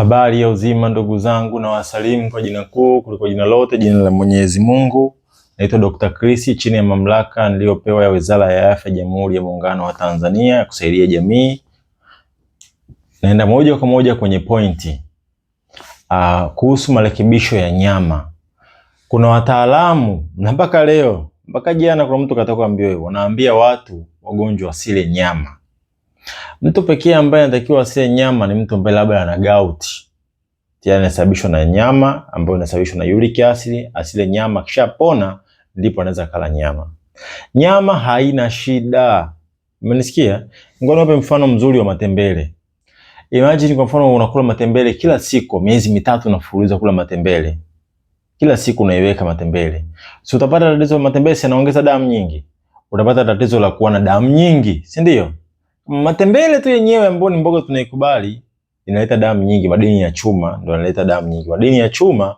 Habari ya uzima ndugu zangu, na wasalimu kwa jina kuu kuliko jina lote, jina la Mwenyezi Mungu. Naitwa Dr. Chris, chini ya mamlaka niliyopewa ya Wizara ya Afya Jamhuri ya Muungano wa Tanzania ya kusaidia jamii. Naenda moja kwa moja kwenye pointi uh, kuhusu marekebisho ya nyama. Kuna wataalamu na mpaka leo mpaka jana, kuna mtu katoka mbio hivyo, wanaambia watu wagonjwa wasile nyama Mtu pekee ambaye anatakiwa asile nyama ni mtu ambaye labda ana gout. Yaani inasababishwa na nyama ambayo inasababishwa na uric acid, asile nyama kisha pona ndipo anaweza kala nyama. Nyama haina shida. Umenisikia? Ngoja niwape mfano mzuri wa matembele. Imagine kwa mfano unakula matembele kila siku, miezi mitatu unafululiza kula matembele. Kila siku unaiweka matembele. Si utapata tatizo la matembele yanaongeza damu nyingi. Utapata tatizo la kuwa na damu nyingi, si ndio? matembele tu yenyewe ambayo ni mboga tunaikubali inaleta damu nyingi, madini ya chuma ndio yanaleta damu nyingi. Madini ya chuma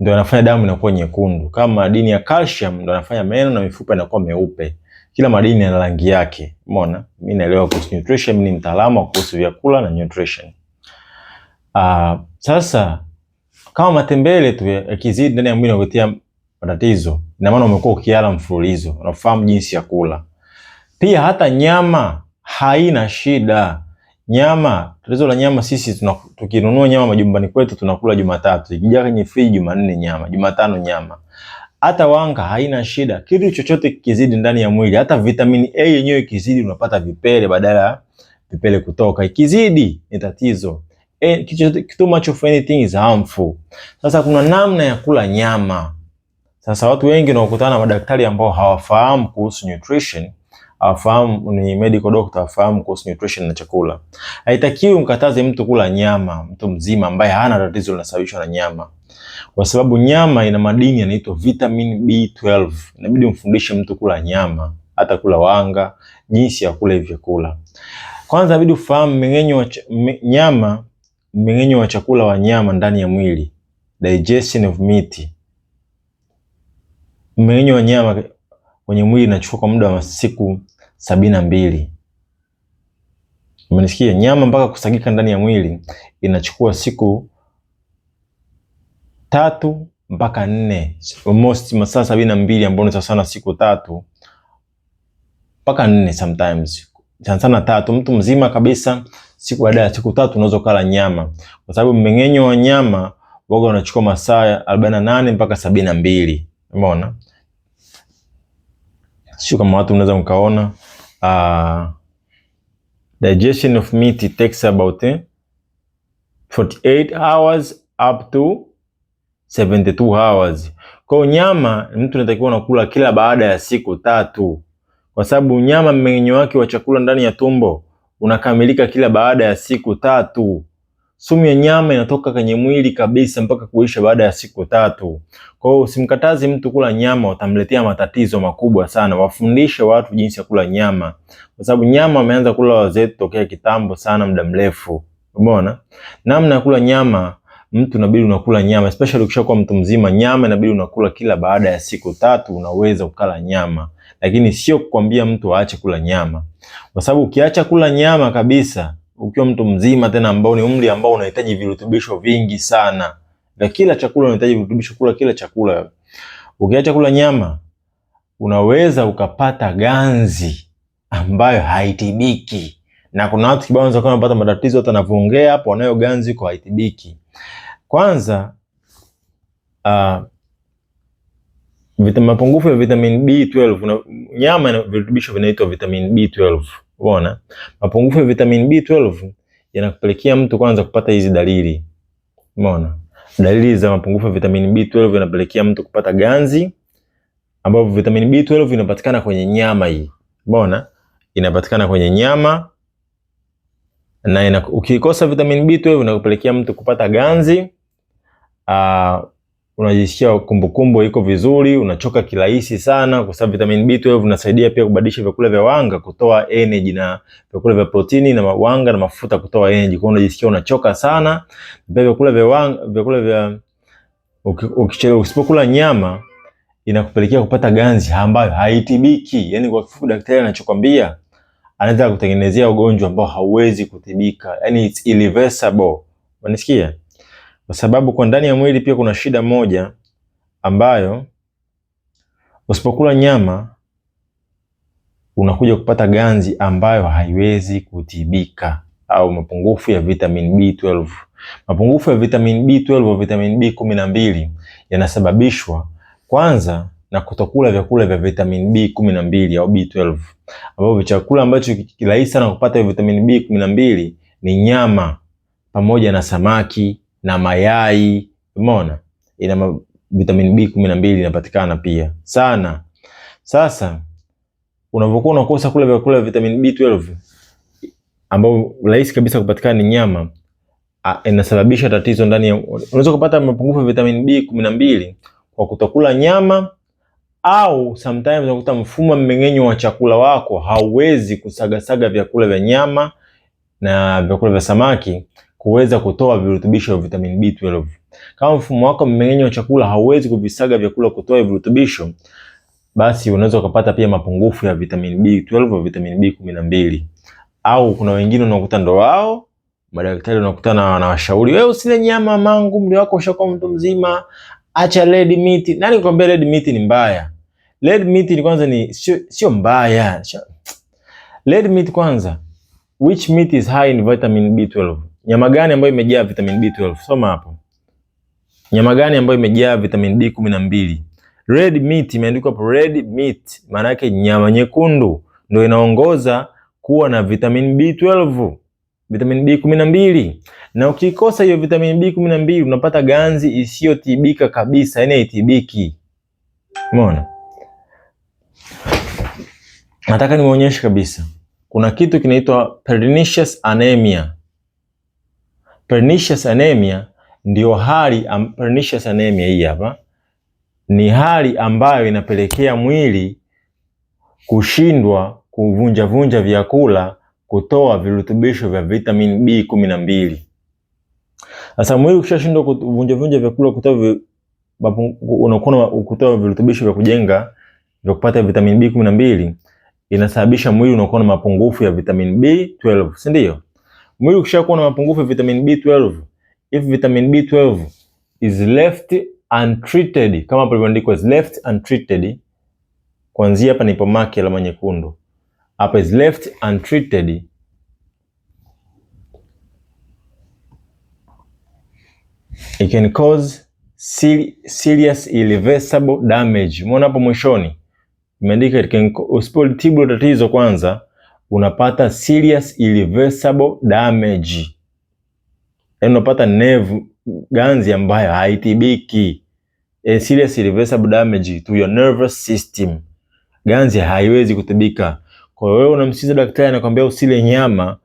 ndio yanafanya damu inakuwa nyekundu, kama madini ya calcium ndio yanafanya meno na mifupa inakuwa meupe. Kila madini yana rangi yake. Umeona, mimi naelewa kuhusu nutrition, mimi ni mtaalamu kuhusu vyakula na nutrition. Uh, sasa kama matembele tu yakizidi ndani ya mwili nakuletea matatizo, ina maana umekuwa ukiala mfululizo, unafahamu jinsi ya kula. Pia hata nyama haina shida. Nyama, tatizo la nyama sisi tukinunua nyama majumbani kwetu tunakula Jumatatu, ikijaa kwenye friji Jumanne nyama, Jumatano nyama. Hata wanga haina shida. Kitu chochote kizidi ndani ya mwili, hata vitamini A yenyewe kizidi, unapata vipele badala ya vipele kutoka. Ikizidi ni tatizo. too much of anything is harmful. Sasa kuna namna ya kula nyama. Sasa watu wengi wanaokutana na madaktari ambao hawafahamu kuhusu nutrition afahamu ni medical doctor, afahamu kuhusu nutrition na chakula. Haitakiwi mkataze mtu kula nyama, mtu mzima ambaye hana tatizo linasababishwa na nyama, kwa sababu nyama ina madini yanaitwa vitamin B12. Inabidi umfundishe mtu kula nyama, hata kula wanga, jinsi ya kula hivyo kula. Kwanza inabidi ufahamu mmeng'enyo wa nyama, mmeng'enyo wa chakula wa nyama ndani ya mwili, digestion of meat, mmeng'enyo wa nyama kwenye mwili inachukua kwa muda wa siku sabini na mbili. Umenisikia? Nyama mpaka kusagika ndani ya mwili inachukua siku tatu mpaka nne, almost masaa sabini na mbili ambao ni sana siku tatu mpaka nne, sometimes sana sana tatu. Mtu mzima kabisa, siku baada ya siku tatu unaweza kula nyama, kwa sababu mmeng'enyo wa nyama waga unachukua masaa arobaini na nane mpaka sabini na mbili. Umeona? sio kama watu mnaweza mkaona. Uh, digestion of meat takes about eh, 48 hours up to 72 hours. Kwa nyama mtu anatakiwa nakula kila baada ya siku tatu, kwa sababu nyama mmeng'enyo wake wa chakula ndani ya tumbo unakamilika kila baada ya siku tatu sumu ya nyama inatoka kwenye mwili kabisa mpaka kuisha baada ya siku tatu. Kwa hiyo usimkatazi mtu kula nyama, utamletea matatizo makubwa sana. Wafundishe watu jinsi ya kula nyama, kwa sababu nyama wameanza kula wazee tokea kitambo sana, muda mrefu. Umeona namna ya kula nyama mtu inabidi unakula nyama especially ukishakuwa mtu mzima. Nyama inabidi unakula kila baada ya siku tatu, unaweza kukala nyama, lakini sio kukwambia mtu aache kula nyama, kwa sababu ukiacha kula nyama kabisa ukiwa mtu mzima tena ambao ni umri ambao unahitaji virutubisho vingi sana na kila chakula unahitaji virutubisho, kula kila chakula. Ukiacha kula nyama, unaweza ukapata ganzi ambayo haitibiki, na kuna watu kibao wanaweza wanapata matatizo hata navyoongea hapo, wanayo ganzi kwa haitibiki. Kwanza uh, ah, vitamini mapungufu ya vitamin B12 una, nyama na virutubisho vinaitwa vitamin B12 Unaona? Mapungufu ya vitamin B12 yanakupelekea mtu kwanza kupata hizi dalili. Umeona? Dalili za mapungufu ya vitamin B12 yanapelekea mtu kupata ganzi ambapo vitamin B12 inapatikana kwenye nyama hii. Umeona? Inapatikana kwenye nyama na ina, ukikosa vitamin B12 inakupelekea mtu kupata ganzi. Uh, unajisikia kumbukumbu iko vizuri, unachoka kirahisi sana, kwa sababu vitamin B12 inasaidia pia kubadilisha vyakula vya wanga kutoa energy na vyakula vya protini na wanga na mafuta kutoa energy. Kwa unajisikia unachoka sana, pia vyakula vya wanga, vyakula vya ukichelewa, usipokula nyama inakupelekea kupata ganzi ambayo haitibiki. Yani kwa kifupi, daktari anachokwambia anaweza kutengenezea ugonjwa ambao hauwezi kutibika, yani it's irreversible. Unanisikia? kwa sababu kwa ndani ya mwili pia kuna shida moja ambayo usipokula nyama unakuja kupata ganzi ambayo haiwezi kutibika, au mapungufu ya vitamin B12. Mapungufu ya vitamin B12 au vitamin B12 yanasababishwa kwanza na kutokula vyakula vya vitamin B12 au B12, ambapo chakula ambacho kirahisi sana kupata vitamin B12 ni nyama pamoja na samaki na mayai. Umeona, ina vitamini B kumi na mbili inapatikana pia sana. Sasa unapokuwa unakosa kula vyakula vya vitamini B12 ambao rahisi kabisa kupatikana ni nyama, inasababisha tatizo ndani ya. Unaweza kupata mapungufu ya vitamini B kumi na mbili kwa kutokula nyama au sometimes unakuta mfumo wa mmeng'enyo wa chakula wako hauwezi kusagasaga vyakula vya nyama na vyakula vya samaki kuweza kutoa virutubisho vya vitamin B12. Kama mfumo wako mmeng'enyo wa chakula hauwezi kuvisaga vyakula kutoa virutubisho, basi unaweza ukapata pia mapungufu ya vitamin B12 au vitamin B12. Au kuna wengine unakuta ndo wao madaktari unakutana na washauri, wewe usile nyama mangu, mli wako ushakuwa mtu mzima, acha red meat. Nani kwambia red meat ni mbaya? Red meat ni kwanza ni sio, sio mbaya. Red meat kwanza, which meat is high in vitamin B12? Nyama gani ambayo imejaa vitamin B12? Soma hapo. Nyama gani ambayo imejaa vitamin B12? Red meat imeandikwa hapo, red meat maana yake nyama nyekundu ndio inaongoza kuwa na vitamin B12, vitamin B12. Na ukikosa hiyo vitamin B12 unapata ganzi isiyotibika kabisa, yani haitibiki. Umeona? Nataka niwaonyeshe kabisa. Kuna kitu kinaitwa pernicious anemia. Pernicious anemia ndio hali am, pernicious anemia hii hapa ni hali ambayo inapelekea mwili kushindwa kuvunjavunja vyakula kutoa virutubisho vya vitamin B12. Sasa mwili ukishashindwa kuvunjavunja vyakula kutoa unakuwa kutoa virutubisho vya kujenga vya kupata vitamin B12, inasababisha mwili unakuwa na mapungufu ya vitamin B12, si ndio? Mwili ukishakuwa na mapungufu ya vitamin B12, if vitamin B12 is left untreated, kama palivyoandikwa is left untreated, kuanzia hapa nipo maki alama nyekundu hapa, is left untreated it can cause serious irreversible damage. Umeona hapo mwishoni imeandika usipotibu tatizo kwanza unapata serious irreversible damage, yaani unapata nerve ganzi ambayo haitibiki. E, serious irreversible damage to your nervous system, ganzi haiwezi kutibika. Kwa hiyo wewe unamsikiza daktari anakwambia usile nyama,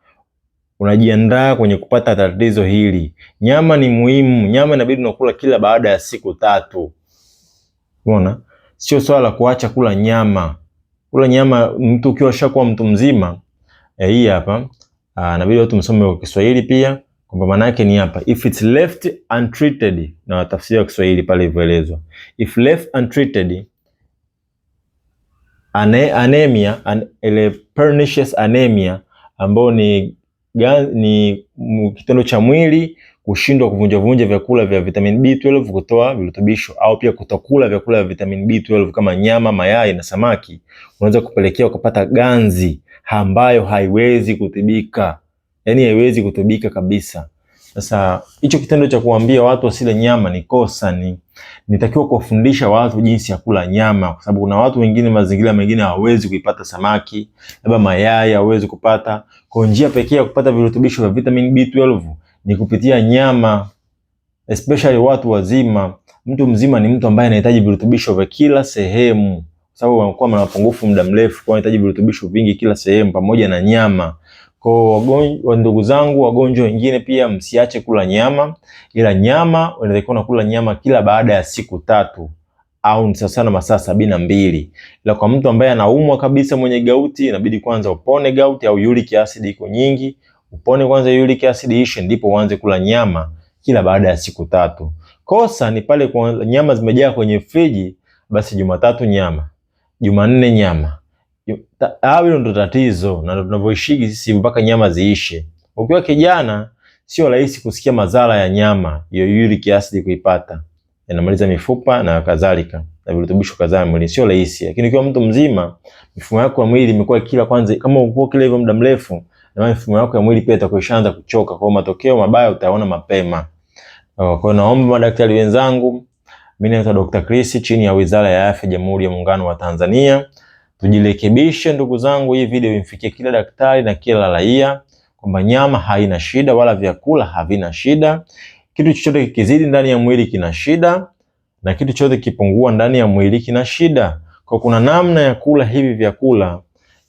unajiandaa kwenye kupata tatizo hili. Nyama ni muhimu, nyama inabidi unakula kila baada ya siku tatu. Umeona, sio swala la kuacha kula nyama kula nyama mtu ukiwa ushakuwa mtu mzima e, hii hapa ah, inabidi watu msome kwa Kiswahili pia kwamba maana yake ni hapa if it's left untreated, na tafsiri ya Kiswahili pale ilivyoelezwa if left untreated ane, anemia an, ele pernicious anemia ambao ni, ni mm, kitendo cha mwili kushindwa kuvunja vunja vyakula vya vitamin B12 kutoa virutubisho, au pia kutokula vyakula vya vitamin B12 kama nyama, mayai na samaki, unaweza kupelekea ukapata ganzi ambayo haiwezi kutibika, yaani haiwezi kutibika kabisa. Sasa hicho kitendo cha kuambia watu wasile nyama ni kosa, ni nitakiwa kuwafundisha watu jinsi ya kula nyama, kwa sababu kuna watu wengine, mazingira mengine hawawezi kuipata samaki, labda mayai hawawezi kupata. Kwa njia pekee ya kupata virutubisho vya vitamin B12 ni kupitia nyama, especially watu wazima. Mtu mzima ni mtu ambaye anahitaji virutubisho vya kila sehemu, kwa sababu anakuwa na mapungufu muda mrefu, kwa anahitaji virutubisho vingi kila sehemu, pamoja na nyama. Kwa wagonjwa, ndugu zangu, wagonjwa wengine pia msiache kula nyama, ila nyama unatakiwa unakula nyama kila baada ya siku tatu au ni sawa na masaa sabini na mbili. Ila kwa mtu ambaye anaumwa kabisa mwenye gauti, inabidi kwanza upone gauti au uric acid iko nyingi upone kwanza uric acid ishe, ndipo uanze kula nyama kila baada ya siku tatu. Kosa ni pale kwa nyama zimejaa kwenye friji, basi Jumatatu nyama, Jumanne nyama, ah, hilo ndo tatizo na ndo tunavyoishigi sisi mpaka nyama ziishe. Ukiwa kijana sio rahisi kusikia madhara ya nyama hiyo uric acid kuipata, inamaliza mifupa na kadhalika na virutubisho kadhaa mwili, sio rahisi. Lakini ukiwa mtu mzima, mifumo yako ya mwili imekuwa kila kwanza, kama ukua kile hivyo muda mrefu na mifumo yako ya mwili pia itakuwa ishaanza kuchoka, kwa matokeo mabaya utaona mapema. Oh, kwa naomba madaktari wenzangu, mimi naitwa Dr. Chris chini ya Wizara ya Afya Jamhuri ya Muungano wa Tanzania. Tujirekebishe ndugu zangu, hii video imfikie kila daktari na kila raia kwamba nyama haina shida wala vyakula havina shida. Kitu chochote kikizidi ndani ya mwili kina shida na kitu chochote kipungua ndani ya mwili kina shida. Kwa kuna namna ya kula hivi vyakula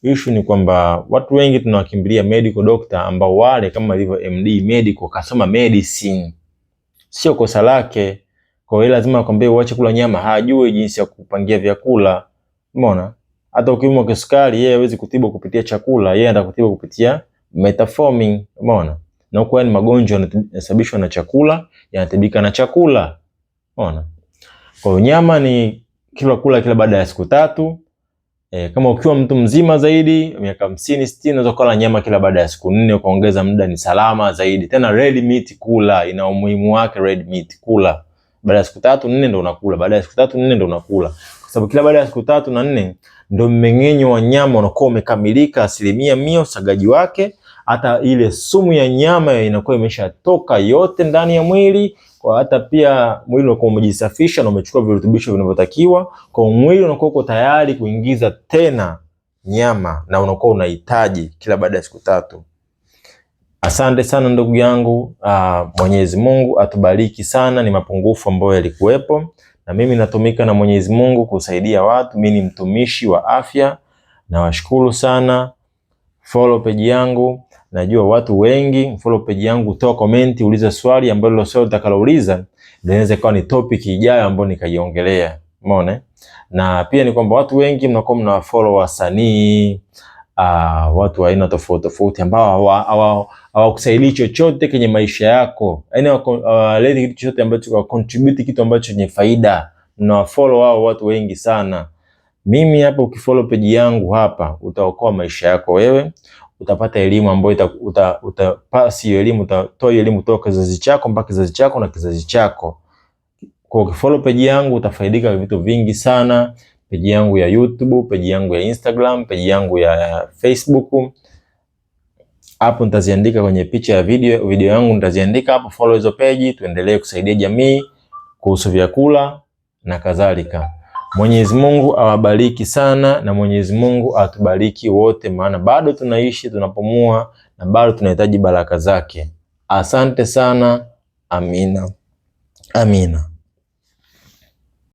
Issue ni kwamba watu wengi tunawakimbilia medical doctor ambao wale kama ilivyo MD medical kasoma medicine. Sio kosa lake. Kwa hiyo lazima akwambie uache kula nyama, hajui jinsi ya kupangia vyakula. Umeona? Hata ukimwa wa kisukari yeye hawezi kutibu kupitia chakula, yeye atakutibu kupitia metformin, umeona? Na huko ni yaani magonjwa yanasababishwa na chakula, yanatibika na chakula. Umeona? Kwa hiyo nyama ni kila kula kila baada ya siku tatu E, kama ukiwa mtu mzima zaidi miaka hamsini sitini unaweza kula nyama kila baada ya siku nne ukaongeza muda, ni salama zaidi. Tena red meat kula ina umuhimu wake. Red meat kula baada ya siku tatu nne ndo unakula, baada ya siku tatu nne ndo unakula, kwa sababu kila baada ya siku tatu na nne ndo mmeng'enyo wa nyama unakuwa umekamilika asilimia mia, usagaji wake, hata ile sumu ya nyama inakuwa imeshatoka yote ndani ya mwili kwa hata pia mwili unakuwa umejisafisha na umechukua virutubisho vinavyotakiwa, kwa mwili unakuwa uko tayari kuingiza tena nyama na unakuwa unahitaji kila baada ya siku tatu. Asante sana ndugu yangu. Uh, Mwenyezi Mungu atubariki sana. Ni mapungufu ambayo yalikuwepo, na mimi natumika na Mwenyezi Mungu kusaidia watu. Mimi ni mtumishi wa afya, nawashukuru sana. Follow page yangu. Najua watu wengi follow page yangu, toa comment, uliza swali ambalo swali utakalouliza inaweza ikawa ni topic ijayo ambayo nikaiongelea. Umeona? Na pia ni kwamba watu wengi mnakuwa mna follow wasanii uh, watu wa aina tofauti tofauti ambao hawakusaidii chochote kwenye maisha yako, yaani hawaleti kitu chochote ambacho kwa contribute kitu ambacho ni faida. na follow wao watu wengi sana. Mimi hapa ukifollow page yangu hapa utaokoa maisha yako wewe, utapata elimu ambayo utapasi hiyo elimu, utatoa elimu kutoka kizazi chako mpaka kizazi chako na kizazi chako. Kwa ukifollow page yangu utafaidika vitu vingi sana, peji yangu ya YouTube, peji yangu ya Instagram, peji yangu ya Facebook. Hapo nitaziandika kwenye picha ya video, video yangu nitaziandika hapo, follow hizo page, tuendelee kusaidia jamii kuhusu vyakula na kadhalika. Mwenyezi Mungu awabariki sana na Mwenyezi Mungu atubariki wote, maana bado tunaishi, tunapumua na bado tunahitaji baraka zake. Asante sana. Amina, amina.